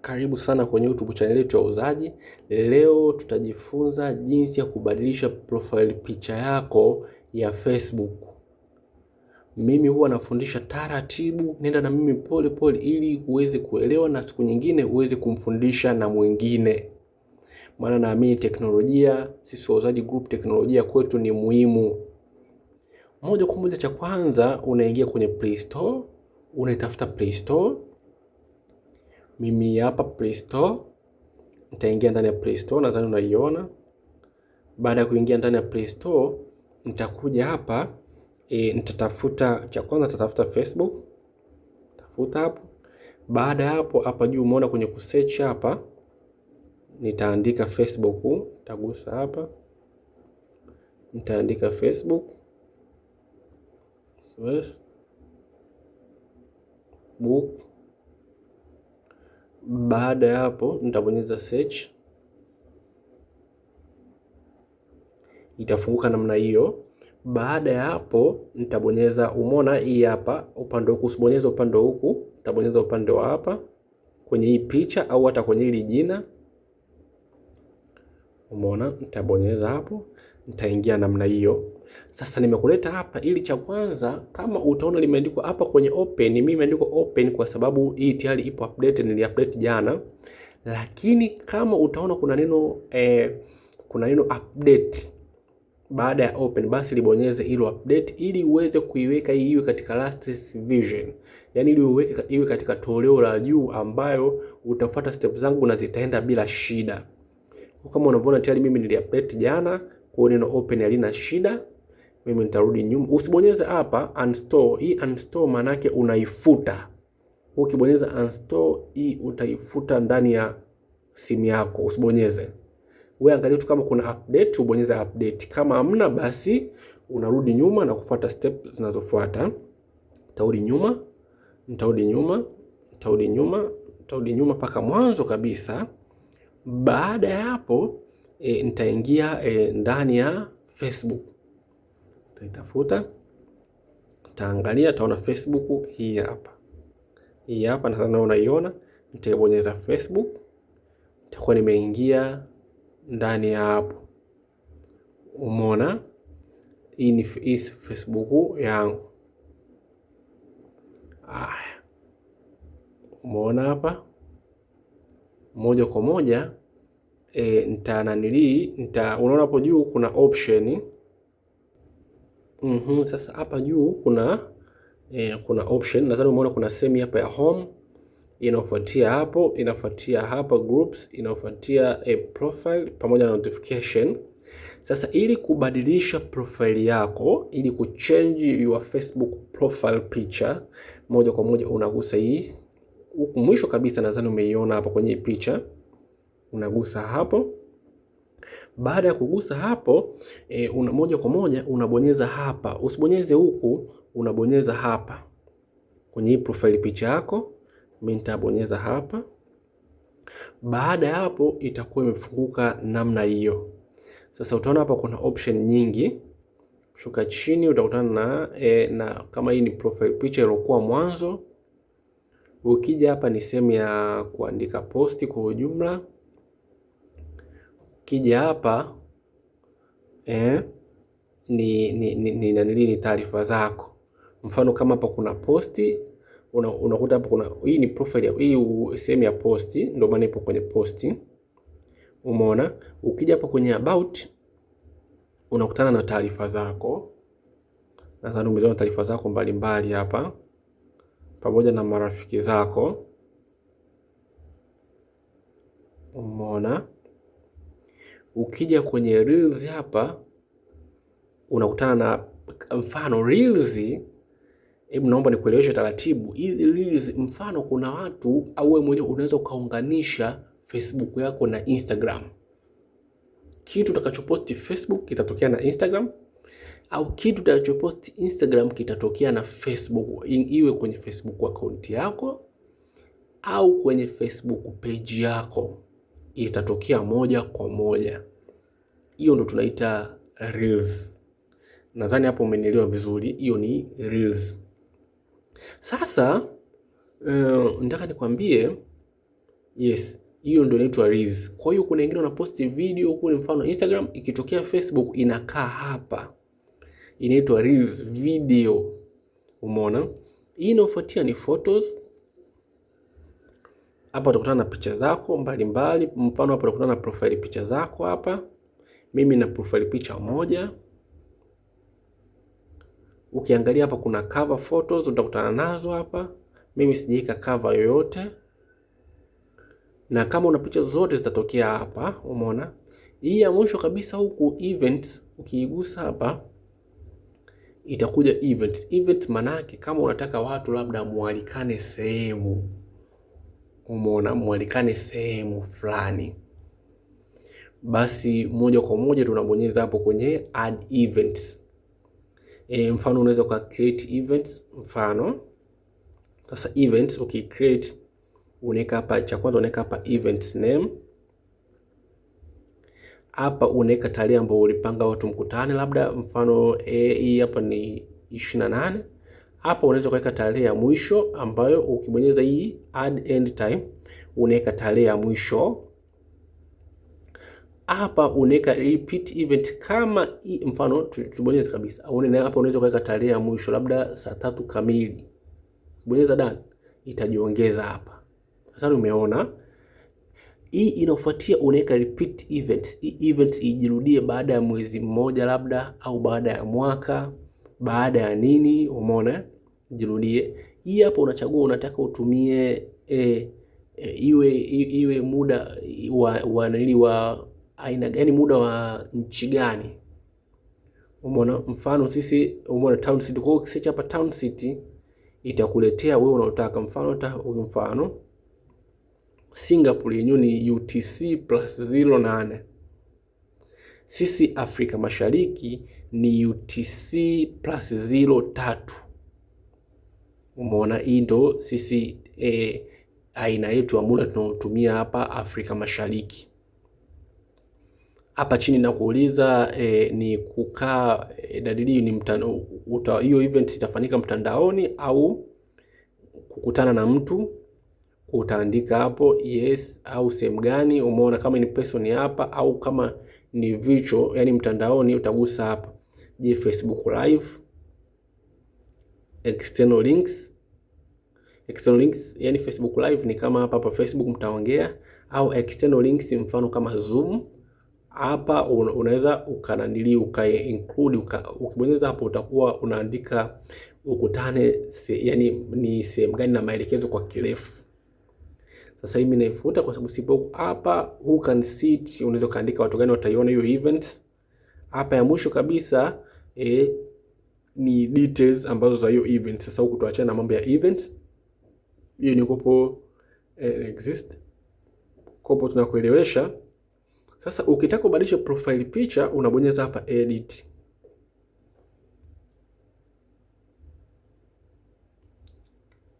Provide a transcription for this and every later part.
Karibu sana kwenye YouTube channel yetu ya Wauzaji. Leo tutajifunza jinsi ya kubadilisha profile picha yako ya Facebook. Mimi huwa nafundisha taratibu, nenda na mimi pole pole, ili uweze kuelewa na siku nyingine uweze kumfundisha na mwingine, maana naamini teknolojia, sisi Wauzaji Group, teknolojia kwetu ni muhimu. Moja kwa moja, cha kwanza unaingia kwenye Play Store, unaitafuta Play Store mimi hapa Play Store, nitaingia ndani ya Play Store, nadhani unaiona. Baada ya kuingia ndani ya Play Store, nitakuja hapa e, nitatafuta cha kwanza, nitatafuta Facebook, tafuta hapo. Baada ya hapo, hapa juu umeona kwenye kusearch hapa, nitaandika Facebook, nitagusa hapa, nitaandika Facebook yes. Baada ya hapo nitabonyeza search, itafunguka namna hiyo. Baada ya hapo nitabonyeza, umona hii hapa upande huku, usibonyeze upande huku, nitabonyeza upande wa hapa kwenye hii picha au hata kwenye hili jina. umona nitabonyeza hapo nitaingia namna hiyo. Sasa nimekuleta hapa ili cha kwanza, kama utaona limeandikwa hapa kwenye open, mimi imeandikwa open kwa sababu hii tayari ipo update, update jana. Lakini kama utaona kuna neno eh, kuna neno update baada ya open, basi libonyeze ilo update ili uweze kuiweka hii iwe katika latest version, yani ili uweke iwe katika toleo la juu, ambayo utafuata step zangu na zitaenda bila shida. Kama unavyoona tayari mimi niliupdate jana. Kwa neno open halina shida. Mimi nitarudi nyuma. Usibonyeze hapa uninstall. Hii uninstall maana yake unaifuta. Ukibonyeza uninstall hii utaifuta ndani ya simu yako, usibonyeze. Wewe angalia tu kama kuna update, ubonyeze update. Kama hamna, basi unarudi nyuma na kufuata step zinazofuata. Tarudi nyuma, nitarudi nyuma, nitarudi nyuma, nitarudi nyuma mpaka mwanzo kabisa. Baada ya hapo e, nitaingia e, ndani ya Facebook, nitaitafuta, nitaangalia, taona Facebook hii hapa, hii hapa na unaiona, nitaibonyeza Facebook, nitakuwa nimeingia ndani ya hapo. Umeona, hii ni Facebook yangu. Aya, umeona hapa moja kwa moja e, nita nanili nita, unaona hapo juu kuna option mm -hmm. Sasa hapa juu kuna e, kuna option nadhani umeona kuna semi hapa ya home inafuatia hapo inafuatia hapa groups inafuatia e, profile pamoja na notification. Sasa ili kubadilisha profile yako ili kuchange your Facebook profile picture, moja kwa moja unagusa hii huku mwisho kabisa, nadhani umeiona hapa kwenye picha unagusa hapo. Baada ya kugusa hapo e, una, moja kwa moja unabonyeza hapa, usibonyeze huku, unabonyeza hapa kwenye hii profile picha yako. Mimi nitabonyeza hapa. Baada ya hapo itakuwa imefunguka namna hiyo. Sasa utaona hapa kuna option nyingi. Shuka chini utakutana na, e, na kama hii ni profile picha iliyokuwa mwanzo. Ukija hapa ni sehemu ya kuandika posti kwa ujumla kija hapa eh, ni ni, ni, ni, ni taarifa zako. Mfano kama hapa kuna posti unakuta hapa kuna hii ni profile, hii sehemu ya posti, ndio maana ipo kwenye posti. Umeona, ukija hapa kwenye about unakutana na taarifa zako, nadhani umeona taarifa zako mbalimbali hapa pamoja na marafiki zako, umeona. Ukija kwenye reels hapa unakutana na mfano reels. Hebu naomba nikueleweshe taratibu hizi reels. Mfano kuna watu au wewe mwenyewe unaweza ukaunganisha Facebook yako na Instagram. Kitu utakachoposti Facebook kitatokea na Instagram, au kitu utakachoposti Instagram kitatokea na Facebook, iwe kwenye Facebook account yako au kwenye Facebook page yako itatokea moja kwa moja. Hiyo ndo tunaita reels. Nadhani hapo umenielewa vizuri, hiyo ni reels. Sasa uh, nataka nikwambie, yes, hiyo ndo inaitwa reels. Kwa hiyo kuna wengine wanaposti video kule, mfano Instagram, ikitokea Facebook inakaa hapa, inaitwa reels video. Umeona? Hii inayofuatia ni photos hapa utakutana na picha zako mbalimbali mbali. Mfano hapa utakutana na profile picha zako hapa. Mimi na profile picha moja. Ukiangalia hapa kuna cover photos utakutana nazo hapa. Mimi sijaika cover yoyote. Na kama una picha zote zitatokea hapa, umeona? Hii ya mwisho kabisa huku events ukiigusa hapa itakuja events. Events maana yake kama unataka watu labda mwalikane sehemu umeona mwalikane sehemu fulani, basi moja kwa moja tunabonyeza hapo kwenye add events. E, mfano unaweza kwa create events mfano sasa events uki create unaweka hapa, cha kwanza unaweka hapa events name hapa unaweka tarehe ambayo ulipanga watu mkutane, labda mfano eh, hii e, hapa ni ishirini na nane hapo unaweza kuweka tarehe ya mwisho ambayo ukibonyeza hii add end time unaweka tarehe ya mwisho. Hapa unaweka repeat event kama hii, mfano tubonyeze kabisa. Uone hapa unaweza kuweka tarehe ya mwisho labda saa tatu kamili. Bonyeza done itajiongeza hapa. Sasa umeona hii inafuatia, unaweka repeat event. Hii event ijirudie baada ya mwezi mmoja labda au baada ya mwaka baada ya nini, umeona Jirudie hii hapa, unachagua unataka utumie e, e, iwe iwe muda wa wa nili wa aina gani, yaani muda wa nchi gani? Umeona, mfano sisi, umeona town city. Kwa hiyo hapa town city itakuletea wewe unaotaka, mfano ta huyu, mfano Singapore yenyewe ni UTC plus 08. Sisi Afrika Mashariki ni UTC plus 03. Umeona, hii ndo sisi e, aina yetu ya mula tunaotumia hapa Afrika Mashariki. Hapa chini nakuuliza e, ni kukaa e, dalili ni hiyo event itafanyika mtandaoni au kukutana na mtu, utaandika hapo yes au sehemu gani. Umeona, kama ni person hapa au kama ni vicho yani mtandaoni, utagusa hapa je, Facebook live external links External links, yani Facebook live ni kama hapa hapa Facebook mtaongea, au external links mfano kama Zoom hapa unaweza ukanandili uka include uka, ukibonyeza hapo utakuwa unaandika ukutane se, yani ni sehemu gani na maelekezo kwa kirefu. Sasa hivi mimi naifuta kwa sababu sipo hapa. Who can sit, unaweza kaandika watu gani wataiona hiyo events. Hapa ya mwisho kabisa eh, ni details ambazo za hiyo event. Sasa huku tuachana na mambo ya events hiyo ni kopo eh, exist kopo tunakuelewesha. Sasa ukitaka kubadilisha profile picha unabonyeza hapa edit.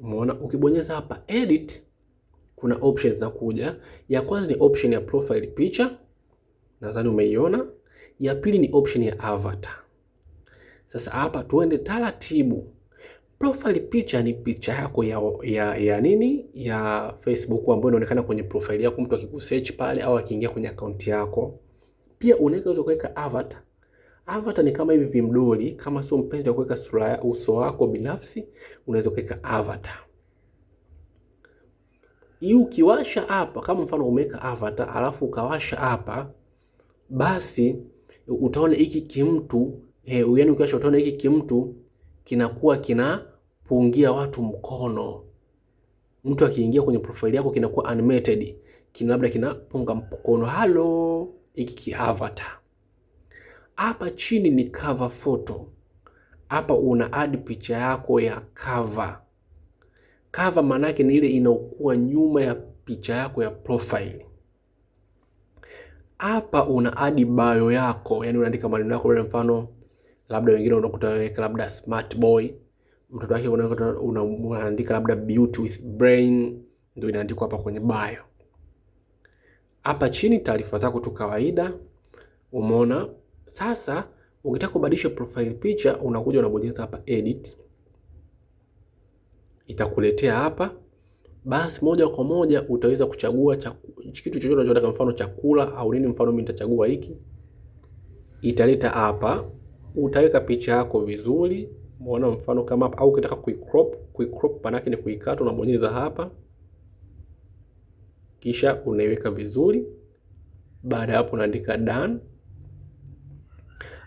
Umeona, ukibonyeza hapa edit kuna options za kuja. Ya kwanza ni option ya profile picha nadhani umeiona. Ya pili ni option ya avatar. Sasa hapa tuende taratibu Profile picha ni picha yako ya, ya, ya nini ya Facebook ambayo inaonekana kwenye profile yako, mtu akikusearch pale au akiingia kwenye akaunti yako. Pia unaweza kuweka avatar. Avatar ni kama hivi vimdoli, kama sio mpenzi wa kuweka sura ya uso wako binafsi, unaweza kuweka avatar hii. Ukiwasha hapa, kama mfano umeweka avatar alafu ukawasha hapa, basi utaona hiki kimtu eh, yaani ukiwasha utaona hiki kimtu kinakuwa kina, kuwa, kina kuungia watu mkono. Mtu akiingia kwenye profile yako kinakuwa animated, kina labda kinapunga mkono halo, hiki ki avatar. Hapa chini ni cover photo. Hapa una add picha yako ya cover. Cover maana yake ni ile inaokuwa nyuma ya picha yako ya profile. Hapa una add bio yako, yani unaandika maneno yako, mfano labda wengine unakuta weka labda smart boy mtoto wake unaandika labda beauty with brain, ndio inaandikwa hapa kwenye bio. Hapa chini taarifa zako tu kawaida, umeona. Sasa ukitaka kubadilisha profile picha, unakuja unabonyeza hapa edit, itakuletea hapa basi moja kwa moja utaweza kuchagua chaku, kitu chochote unachotaka, mfano chakula au nini. Mfano mimi nitachagua hiki, italeta hapa, utaweka picha yako vizuri. Umeona mfano kama hapa, au ukitaka kuicrop, kuicrop maana yake ni kuikata, unabonyeza hapa kisha unaiweka vizuri. Baada ya hapo unaandika done.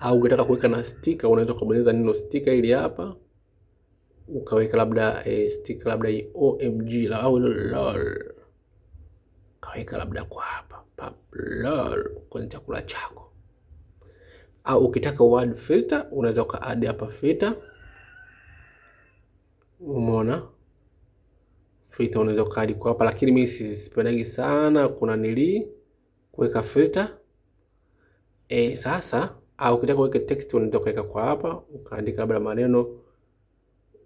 Au ukitaka kuweka na sticker unaweza kubonyeza neno sticker ili hapa ukaweka labda e, sticker labda hii OMG la, au lol, kaweka labda kwa hapa pap lol kwenye chakula chako. Au ukitaka word filter, unaweza uka add hapa filter. Umeona filter unaweza kadi kwa hapa, lakini mimi sipendagi sana kuna nili kuweka filter e. Sasa au ukitaka kuweka text unaweza kuweka kwa hapa, ukaandika labda maneno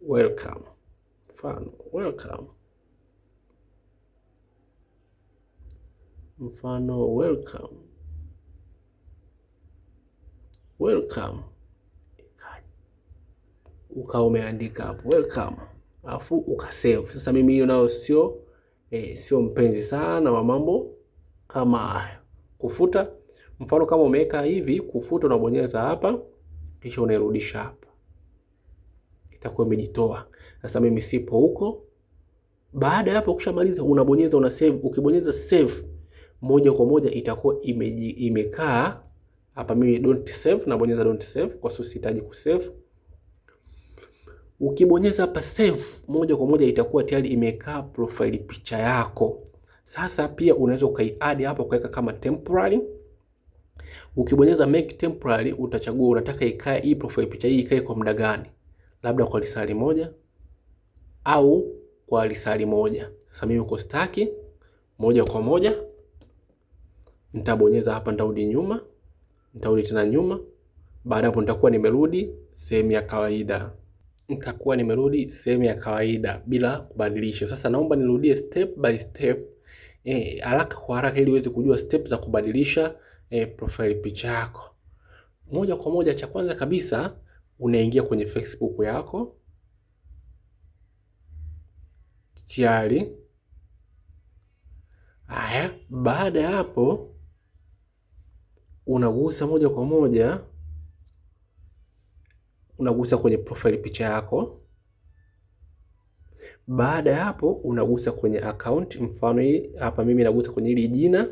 welcome, mfano welcome, mfano welcome welcome ukawa umeandika hapo welcome, alafu ukasave. Sasa mimi hiyo nayo sio eh, sio mpenzi sana wa mambo kama hayo. Kufuta mfano kama umeweka hivi, kufuta unabonyeza hapa, kisha unairudisha hapa, itakuwa imejitoa. Sasa mimi sipo huko. Baada ya hapo, ukishamaliza unabonyeza una save. Ukibonyeza save moja kwa moja itakuwa imekaa hapa. Mimi don't save, nabonyeza don't save kwa sababu sihitaji kusave. Ukibonyeza hapa save, moja kwa moja itakuwa tayari imekaa profile picha yako. Sasa pia unaweza ukaiadd hapa ukaweka kama temporary. Ukibonyeza make temporary, utachagua unataka ikae hii profile picha hii ikae kwa muda gani, labda kwa lisali moja au kwa lisali moja. Sasa mimi uko staki moja kwa moja, nitabonyeza hapa, nitarudi nyuma, nitarudi tena nyuma. Baada hapo nitakuwa nimerudi sehemu ya kawaida nitakuwa nimerudi sehemu ya kawaida bila kubadilisha. Sasa naomba nirudie step by step e, haraka kwa haraka ili uweze kujua step za kubadilisha e, profile picha yako. Moja kwa moja, cha kwanza kabisa unaingia kwenye Facebook yako tayari. Haya, baada ya hapo unagusa moja kwa moja unagusa kwenye profile picha yako. Baada ya hapo, unagusa kwenye account. Mfano hii hapa, mimi nagusa kwenye hili jina.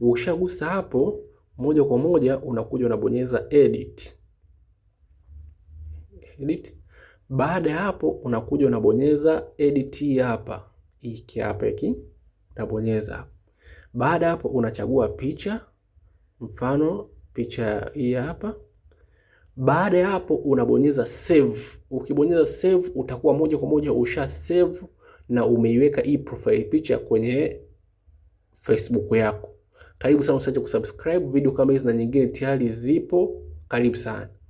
Ukishagusa hapo, moja kwa moja unakuja unabonyeza edit. Edit. Baada ya hapo, unakuja unabonyeza edit hapa, hiki hapa hiki unabonyeza. Baada hapo, unachagua picha, mfano picha hii hapa. Baada ya hapo unabonyeza save. Ukibonyeza save utakuwa moja kwa moja usha save na umeiweka hii profile picture kwenye Facebook yako. Karibu sana, usiache kusubscribe. Video kama hizi na nyingine tayari zipo. Karibu sana.